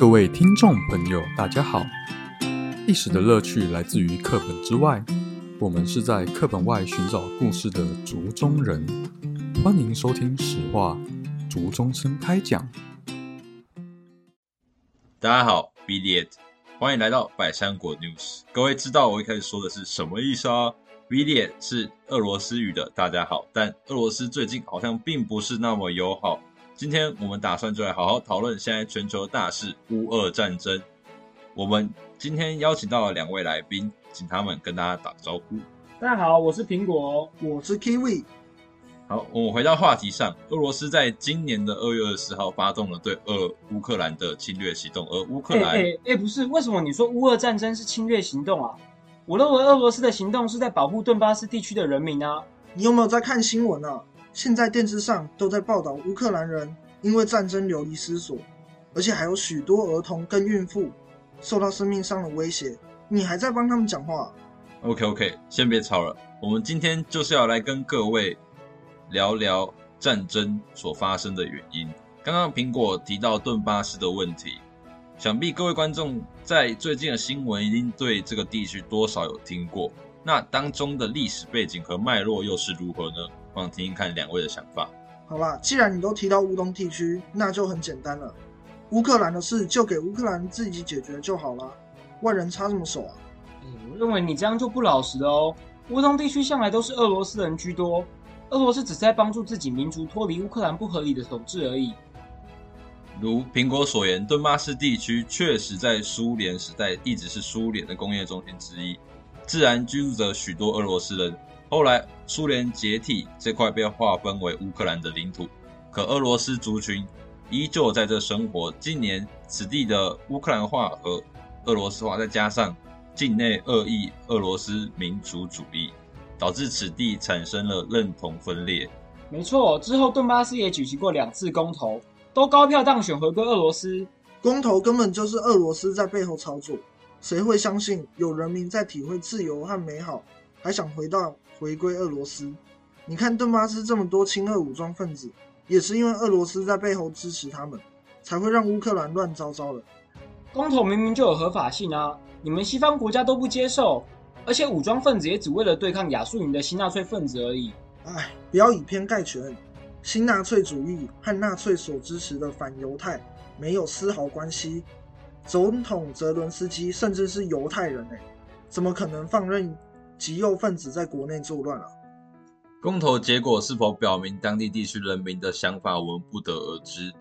各位聽眾朋友，大家好！歷史的樂趣來自於課本之外，我們是在課本外尋找故事的竹中人。歡迎收聽《史話》，竹中生開講。大家好，Vlad，歡迎來到百香果 News。各位知道我一開始說的是什麼意思啊？Vlad 是俄羅斯語的“大家好”，但俄羅斯最近好像並不是那麼友好。今天我們打算就來好好討論現在全球大事烏俄戰爭。我們今天邀請到了兩位來賓，請他們跟大家打招呼。大家好，我是蘋果，我是 Kiwi。好，我們回到話題上，俄羅斯在今年的二月二十四號發動了對俄烏克蘭的侵略行動，而烏克蘭……哎、欸欸、不是，為什麼你說烏俄戰爭是侵略行動啊？我認為俄羅斯的行動是在保護頓巴斯地區的人民啊！你有沒有在看新聞啊？現在電視上都在報道烏克蘭人因為戰爭流離失所，而且還有許多兒童跟孕婦受到生命上的威脅。你還在幫他們講話？OK OK，先別吵了。我們今天就是要來跟各位聊聊戰爭所發生的原因。剛剛蘋果提到頓巴斯的問題，想必各位觀眾在最近的新聞已經對這個地區多少有聽過，那當中的歷史背景和脈絡又是如何呢？想聽聽看兩位的想法。好了，既然你都提到烏東地區，那就很簡單了。烏克蘭的事就給烏克蘭自己解決就好了，外人插什麼手啊？嗯，我認為你這樣就不老實了哦。烏東地區向來都是俄羅斯人居多，俄羅斯只是在幫助自己民族脫離烏克蘭不合理的統治而已。如蘋果所言，頓巴斯地區確實在蘇聯時代一直是蘇聯的工業中心之一，自然居住着許多俄羅斯人。後來，蘇聯解體，這塊被劃分為烏克蘭的領土，可俄羅斯族群依舊在這生活。近年，此地的烏克蘭化和俄羅斯化，再加上境內惡意俄羅斯民族主義，導致此地產生了認同分裂。沒錯，之後頓巴斯也舉行過兩次公投，都高票當選回歸俄羅斯。公投根本就是俄羅斯在背後操作，誰會相信有人民在體會自由和美好，還想回到？回歸俄羅斯，你看頓巴斯這麼多親俄武裝分子，也是因為俄羅斯在背後支持他們，才會讓烏克蘭亂糟糟的。公投明明就有合法性啊，你們西方國家都不接受，而且武裝分子也只為了對抗亞速營的新納粹分子而已。哎，不要以偏概全，新納粹主義和納粹所支持的反猶太沒有絲毫關係。總統澤連斯基甚至是猶太人，欸，怎麼可能放任？極右分子在國內作亂了、啊。公投結果是否表明當地地區人民的想法，我們不得而知。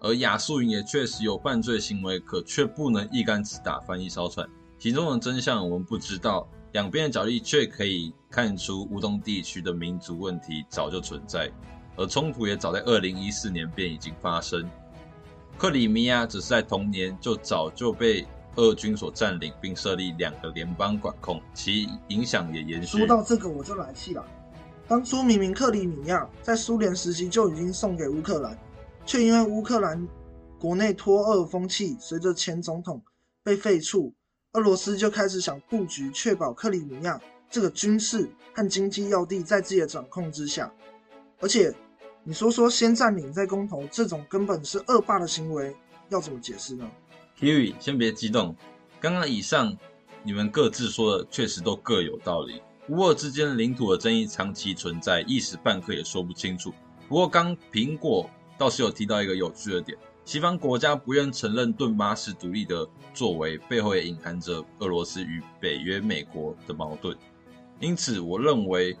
而亞速營也確實有犯罪行為，可卻不能一竿子打翻一艘船。其中的真相我們不知道，兩邊的角力卻可以看出烏東地區的民族問題早就存在，而衝突也早在二零一四年便已經發生。克里米亞只是在同年就早就被。俄軍所占領並設立兩個聯邦管控，其影響也延續。說到這個，我就來氣了。當初明明克里米亞在蘇聯時期就已經送給烏克蘭，卻因為烏克蘭國內脫俄風氣，隨着前總統被廢黜，俄羅斯就開始想布局，確保克里米亞這個軍事和經濟要地在自己的掌控之下。而且你說說，先占領再公投，這種根本是惡霸的行為，要怎麼解釋呢？Kiwi，先別激動。剛剛以上你們各自說的確實都各有道理。烏俄之間領土的爭議長期存在，一時半刻也說不清楚。不過剛蘋果倒是有提到一個有趣的點：西方國家不願承認頓巴斯獨立的作為，背後也隱含着俄羅斯與北約、美國的矛盾。因此，我認為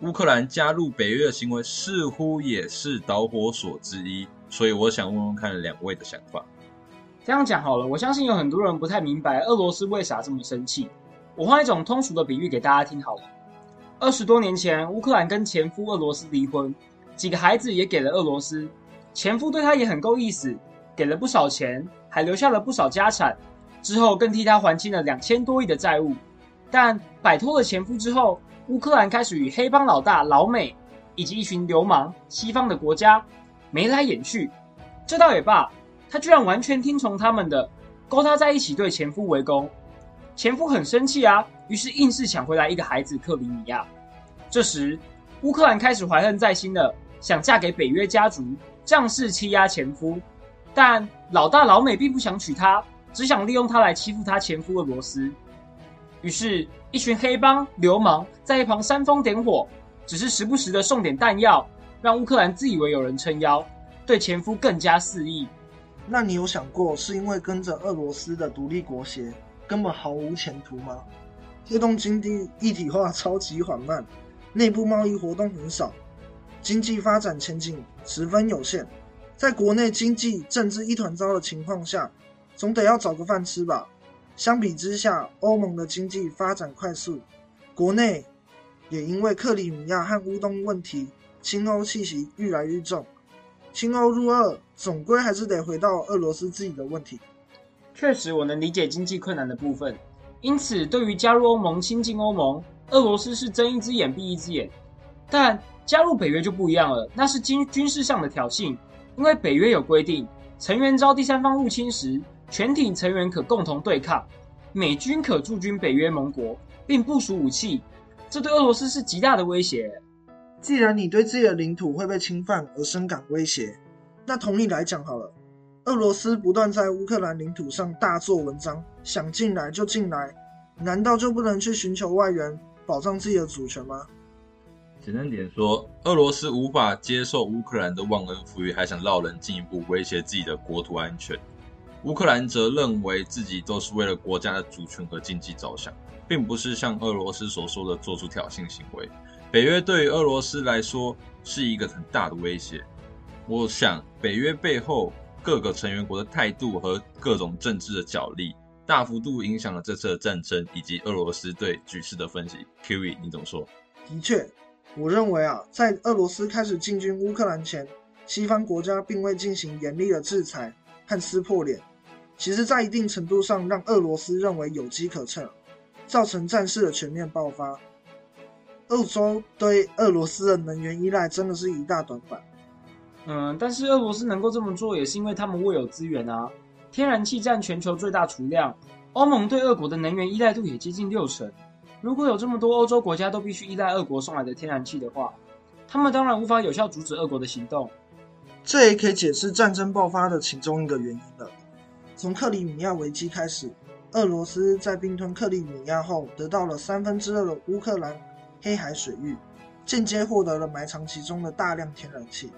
烏克蘭加入北約的行為似乎也是導火索之一。所以，我想問問看兩位的想法。這樣講好了，我相信有很多人不太明白俄羅斯為啥這麼生氣。我換一種通俗的比喻給大家聽好了。二十多年前，烏克蘭跟前夫俄羅斯離婚，幾個孩子也給了俄羅斯。前夫對他也很夠意思，給了不少錢，還留下了不少家產。之後更替他還清了兩千多億的債務。但擺脫了前夫之後，烏克蘭開始與黑幫老大老美以及一群流氓西方的國家眉來眼去。這倒也罷。他居然完全聽從他們的，勾搭在一起對前夫圍攻，前夫很生氣啊，於是硬是搶回來一個孩子克里米亞。這時烏克蘭開始懷恨在心了，想嫁給北約家族，仗勢欺壓前夫。但老大老美並不想娶她，只想利用她來欺負她前夫俄羅斯。於是，一群黑幫流氓在一旁煽風點火，只是時不時的送點彈藥，讓烏克蘭自以為有人撐腰，對前夫更加肆意。那你有想過是因為跟着俄羅斯的獨立國協根本毫無前途嗎？葉東經濟一體化超級緩慢，內部貿易活動很少，經濟發展前景十分有限。在國內經濟政治一團糟的情況下，總得要找個飯吃吧。相比之下，歐盟的經濟發展快速，國內也因為克里米亞和烏東問題，親歐氣息愈來愈重。親歐入俄，總歸還是得回到俄羅斯自己的問題。確實，我能理解經濟困難的部分。因此，對於加入歐盟、親近歐盟，俄羅斯是睜一隻眼閉一隻眼。但加入北約就不一樣了，那是軍軍事上的挑釁。因為北約有規定，成員遭第三方入侵時，全體成員可共同對抗。美軍可駐軍北約盟國，並部署武器，這對俄羅斯是極大的威脅。既然你對自己的領土會被侵犯而深感威脅，那同理來講好了。俄羅斯不斷在烏克蘭領土上大做文章，想進來就進來，難道就不能去尋求外援保障自己的主權嗎？簡單點說，俄羅斯無法接受烏克蘭的忘恩負義，還想讓人進一步威脅自己的國土安全。烏克蘭則認為自己都是為了國家的主權和經濟着想，並不是像俄羅斯所說的做出挑釁行為。北約對於俄羅斯來說是一個很大的威脅。我想，北約背後各個成員國的態度和各種政治的角力，大幅度影響了這次的戰爭以及俄羅斯對局勢的分析。Kiwi 你怎麼說？的確，我認為啊，在俄羅斯開始進軍烏克蘭前，西方國家並未進行嚴厲的制裁和撕破臉，其實在一定程度上讓俄羅斯認為有機可乘，造成戰事的全面爆發。歐洲對俄羅斯的能源依賴真的是一大短板。嗯，但是俄羅斯能夠這麼做，也是因為他們握有資源啊。天然氣占全球最大儲量，歐盟對俄國的能源依賴度也接近六成。如果有這麼多歐洲國家都必須依賴俄國送來的天然氣的話，他們當然無法有效阻止俄國的行動。這也可以解釋戰爭爆發的其中一個原因了。從克里米亞危機開始，俄羅斯在併吞克里米亞後，得到了三分之二的烏克蘭。黑海水域，間接獲得了埋藏其中的大量天然氣。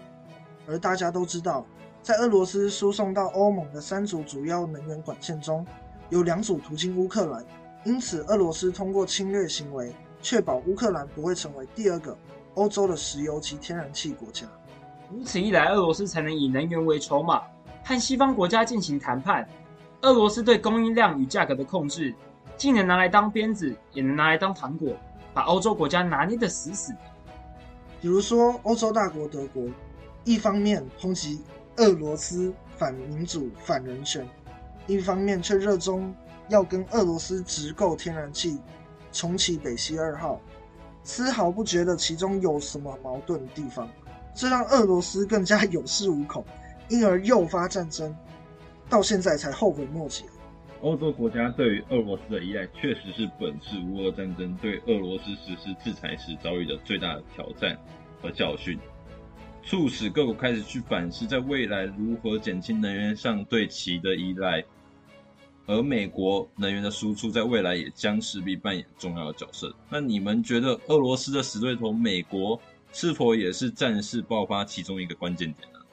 而大家都知道，在俄羅斯輸送到歐盟的三組主要能源管線中，有兩組途經烏克蘭。因此，俄羅斯通過侵略行為，確保烏克蘭不會成為第二個歐洲的石油及天然氣國家。如此一來，俄羅斯才能以能源為籌碼，和西方國家進行談判。俄羅斯對供應量與價格的控制，既能拿來當鞭子，也能拿來當糖果。把歐洲國家拿捏得死死的，比如說歐洲大國德國，一方面抨擊俄羅斯反民主反人權，一方面卻熱衷要跟俄羅斯直購天然氣，重啟北溪二號，絲毫不覺得其中有什麼矛盾的地方，這讓俄羅斯更加有恃無恐，因而誘發戰爭，到現在才後悔莫及。歐洲國家對於俄羅斯的依賴，確實是本次烏俄戰爭對俄羅斯實施制裁時遭遇的最大的挑戰和教訓，促使各國開始去反思，在未來如何減輕能源上對其的依賴。而美國能源的輸出，在未來也將勢必扮演重要的角色。那你們覺得，俄羅斯的死對頭美國，是否也是戰事爆發其中一個關鍵點呢、啊？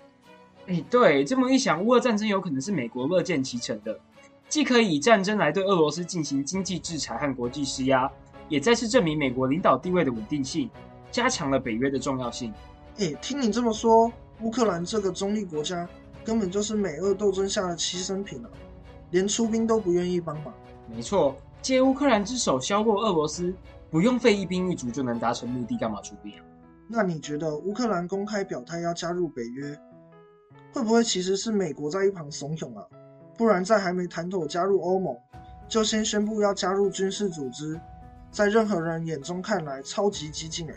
哎、欸，對，這麼一想，烏俄戰爭有可能是美國樂見其成的。既可以以戰爭來對俄羅斯進行經濟制裁和國際施壓，也再次證明美國領導地位的穩定性，加強了北約的重要性。誒、欸，聽你這麼說，烏克蘭這個中立國家根本就是美俄鬥爭下的犧牲品了、啊，連出兵都不願意幫忙。沒錯，借烏克蘭之手消耗俄羅斯，不用費一兵一卒就能達成目的，幹嘛出兵啊？那你覺得烏克蘭公開表態要加入北約，會不會其實是美國在一旁慫恿啊？不然，在還沒談妥加入歐盟，就先宣布要加入軍事組織，在任何人眼中看來，超級激進哎。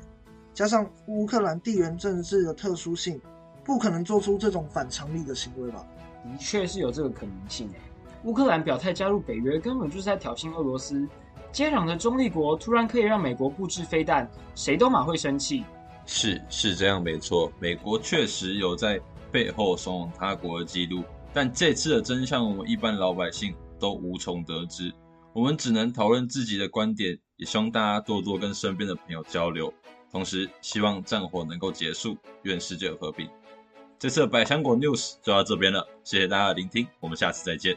加上烏克蘭地緣政治的特殊性，不可能做出這種反常理的行為吧？的確是有這個可能性哎。烏克蘭表態加入北約，根本就是在挑釁俄羅斯。接壤的中立國突然可以讓美國布置飛彈，誰都馬會生氣？是是這樣沒錯，美國確實有在背後慫恿他國的記錄。但這次的真相，我們一般老百姓都無從得知，我們只能討論自己的觀點，也希望大家多多跟身邊的朋友交流。同時，希望戰火能夠結束，願世界和平。這次的百香果 news 就到這邊了，謝謝大家的聆聽，我們下次再見。